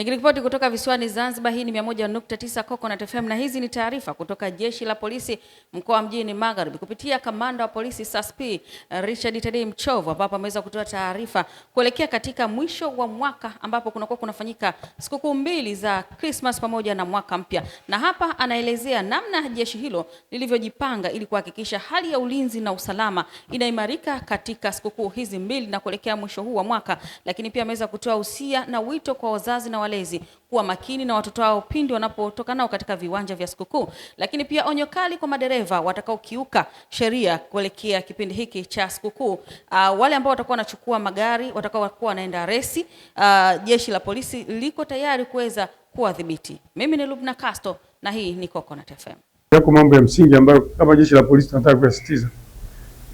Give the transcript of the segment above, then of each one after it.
Nikiripoti kutoka visiwani Zanzibar, hii ni 101.9 Coconut FM na hizi ni taarifa kutoka jeshi la polisi mkoa wa mjini Magharibi kupitia kamanda wa polisi SASP eh, Richard Tedei Mchovu, ambapo ameweza kutoa taarifa kuelekea katika mwisho wa mwaka ambapo kunakuwa kunafanyika sikukuu mbili za Christmas pamoja na mwaka mpya, na hapa anaelezea namna jeshi hilo lilivyojipanga ili kuhakikisha hali ya ulinzi na usalama inaimarika katika sikukuu hizi mbili na kuelekea mwisho huu wa mwaka, lakini pia ameweza kutoa usia na wito kwa wazazi na walezi kuwa makini na watoto wao pindi wanapotoka nao katika viwanja vya sikukuu. Lakini pia onyo kali kwa madereva watakaokiuka sheria kuelekea kipindi hiki cha sikukuu. Uh, wale ambao watakuwa wanachukua magari, watakaokuwa wanaenda resi, uh, jeshi la polisi liko tayari kuweza kuwadhibiti. Mimi ni Lubna Castro na hii ni Coconut FM. Yako mambo ya msingi ambayo kama jeshi la polisi tunataka kuyasisitiza.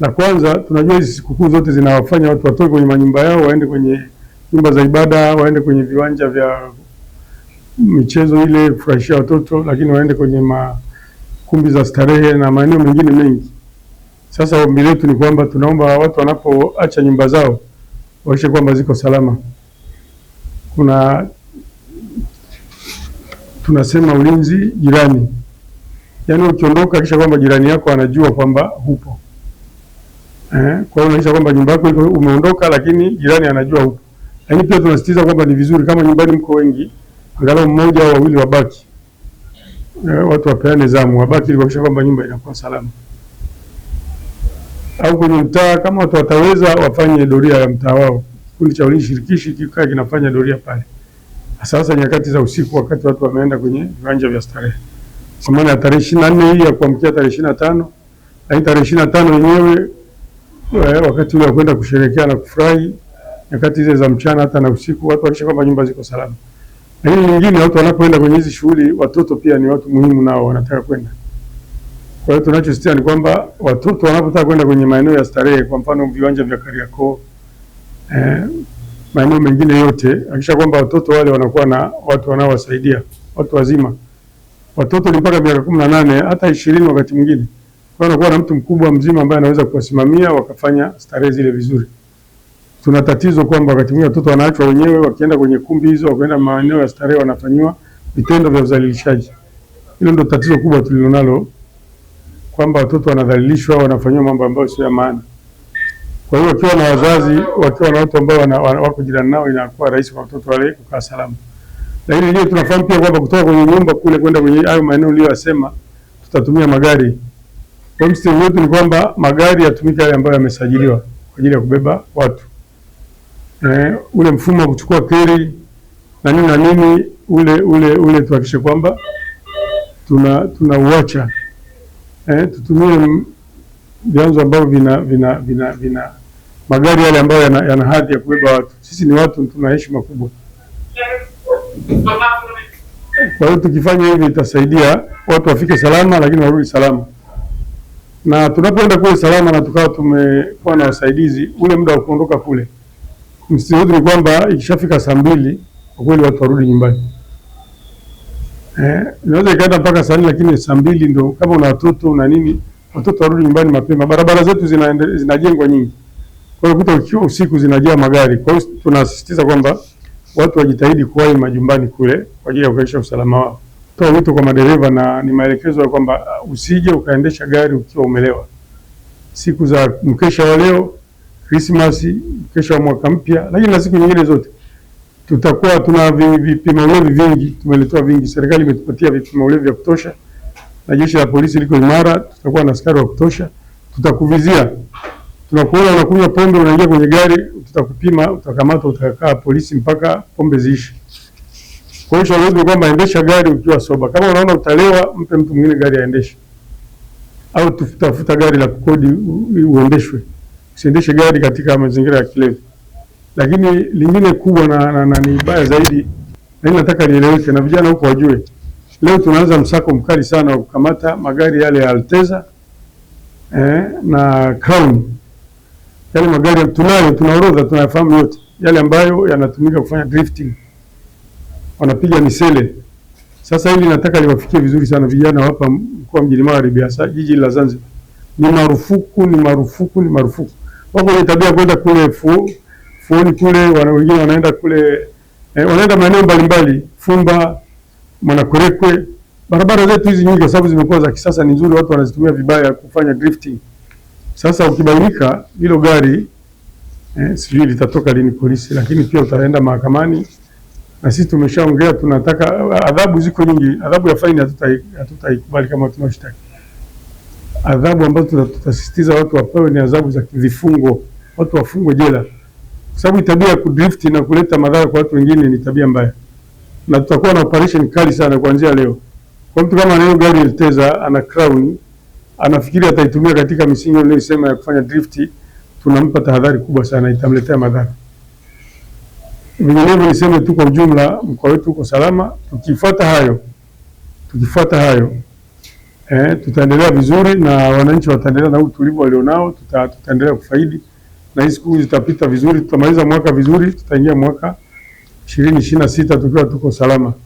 La kwanza, tunajua hizi sikukuu zote zinawafanya watu watoke kwenye manyumba yao waende kwenye nyumba za ibada, waende kwenye viwanja vya michezo ile kufurahishia watoto, lakini waende kwenye makumbi za starehe na maeneo mengine mengi. Sasa ombi letu ni kwamba tunaomba watu wanapoacha nyumba zao waishe kwamba ziko salama. Kuna tunasema ulinzi jirani, yaani ukiondoka kisha kwamba jirani yako anajua kwamba hupo eh. Kwa hiyo unaisha kwamba nyumba yako umeondoka, lakini jirani anajua hupo. Lakini pia tunasisitiza kwamba ni vizuri kama nyumbani mko wengi, angalau mmoja au wawili wabaki, e, watu wapeane zamu, wabaki ili kuhakikisha kwamba nyumba inakuwa salama. Au kwenye mtaa kama watu wataweza, wafanye doria ya mtaa wao. Kikundi cha ulinzi shirikishi kikae kinafanya doria pale, sasa nyakati za usiku, wakati watu wameenda kwenye viwanja vya starehe Samani ya tarehe ishirini na nne hii ya kuamkia tarehe ishirini na tano lakini tarehe ishirini na tano yenyewe eh, wakati ule wa kwenda kusherehekea na kufurahi nyakati hizo za mchana hata na usiku, watu waisha kwamba nyumba ziko salama. Lakini nyingine, watu wanapoenda kwenye hizi shughuli, watoto pia ni watu muhimu, nao wanataka kwenda. Kwa hiyo tunachosisitiza ni kwamba watoto wanapotaka kwenda kwenye maeneo ya starehe, kwa mfano viwanja vya Kariakoo, eh, maeneo mengine yote, hakisha kwamba watoto wale wanakuwa na watu wanaowasaidia, watu wazima. Watoto ni mpaka miaka kumi na nane hata ishirini wakati mwingine, kwa hiyo wanakuwa na mtu mkubwa mzima ambaye anaweza kuwasimamia wakafanya starehe zile vizuri tuna tatizo kwamba wakati mwingine watoto wanaachwa wenyewe, wakienda kwenye kumbi hizo, wakaenda maeneo ya starehe, wanafanyiwa vitendo vya udhalilishaji. Hilo ndio tatizo kubwa tulilonalo, kwamba watoto wanadhalilishwa, wanafanyiwa mambo ambayo sio ya maana. Kwa hiyo wakiwa na wazazi, wakiwa na watu ambao wako jirani nao, inakuwa rahisi kwa watoto wale kukaa salama. Lakini je, tunafahamu pia kwamba kutoka kwenye nyumba kule kwenda kwenye hayo maeneo uliyosema, tutatumia magari. Kwa msingi wetu ni kwamba magari yatumike yale ambayo yamesajiliwa kwa ajili ya kubeba watu eh, ule mfumo wa kuchukua keri na nini na nini ule ule ule tuhakikishe kwamba tuna tunauacha, eh, tutumie vyanzo ambavyo vina vina vina vina magari yale ambayo yana, yana hadhi ya kubeba watu. Sisi ni watu tuna heshima kubwa, kwa hiyo tukifanya hivi itasaidia watu wafike salama, lakini warudi salama na tunapoenda kule salama na tukawa tumekuwa na wasaidizi, ule muda wa kuondoka kule msitizo wetu ni kwamba ikishafika saa mbili kwa kweli watu warudi nyumbani. Eh, inaweza ikaenda mpaka saa nne, lakini saa mbili ndo kama una watoto una nini, watoto warudi nyumbani mapema. Barabara zetu zinajengwa nyingi, kwa hiyo kuta ukiwa usiku zinajaa magari. Kwa hiyo tunasisitiza kwamba watu wajitahidi kuwahi majumbani kule kwa ajili ya kuhakikisha usalama wao. Toa wito kwa madereva, na ni maelekezo ya kwamba uh, usije ukaendesha gari ukiwa umelewa. Siku za mkesha wa leo Christmas, kesho ya mwaka mpya, lakini na siku nyingine zote tutakuwa tuna vipima ulevi vingi, tumeletewa vingi. Serikali imetupatia vipima ulevi vya kutosha, na jeshi la polisi liko imara. Tutakuwa na askari wa kutosha, tutakuvizia. Tunakuona unakunywa pombe, unaingia kwenye gari, tutakupima, utakamatwa, utakaa polisi mpaka pombe ziishe. Kwa hiyo shauri kwamba endesha gari ukiwa soba. Kama unaona utalewa, mpe mtu mwingine gari aendeshe, au tutafuta gari la kukodi uendeshwe usiendeshe gari katika mazingira ya kilevi. Lakini lingine kubwa na, na, na ni baya zaidi, na nataka lieleweke na vijana huko wajue, leo tunaanza msako mkali sana wa kukamata magari yale ya Alteza eh, na Crown. Yale magari tunayo, tunaorodha, tunayafahamu yote yale ambayo yanatumika kufanya drifting, wanapiga misele. Sasa hili nataka liwafikie vizuri sana vijana hapa mkoa Mjini Magharibi, hasa jiji la Zanzibar. Ni marufuku, ni marufuku, ni marufuku wako wenye tabia kwenda kule fu, fuoni kule, wengine wanaenda kule eh, wanaenda maeneo mbalimbali Fumba, Mwanakwerekwe. Barabara zetu hizi nyingi, kwa sababu zimekuwa za kisasa, ni nzuri, watu wanazitumia vibaya kufanya drifting. Sasa ukibainika hilo gari eh, sijui litatoka lini polisi, lakini pia utaenda mahakamani na sisi tumeshaongea, tunataka adhabu ziko nyingi, adhabu ya faini hatutaikubali, hatutai kama tunashtaki adhabu ambazo tutasisitiza watu wapewe ni adhabu za kivifungo, watu wafungwe jela, kwa sababu tabia ya kudrift na kuleta madhara kwa watu wengine ni tabia mbaya, na tutakuwa na operation kali sana kuanzia leo. Kwa mtu kama anayo gari Elteza ana crown, anafikiri ataitumia katika misingi niliyosema ya kufanya drift, tunampa tahadhari kubwa sana, itamletea madhara. Vinginevyo niseme tu kwa ujumla, mkoa wetu uko salama, tukifuata hayo tukifuata hayo eh, tutaendelea vizuri na wananchi wataendelea na utulivu walionao, tuta, tutaendelea kufaidi na hii siku zitapita vizuri, tutamaliza mwaka vizuri, tutaingia mwaka ishirini ishirini na sita tukiwa tuko salama.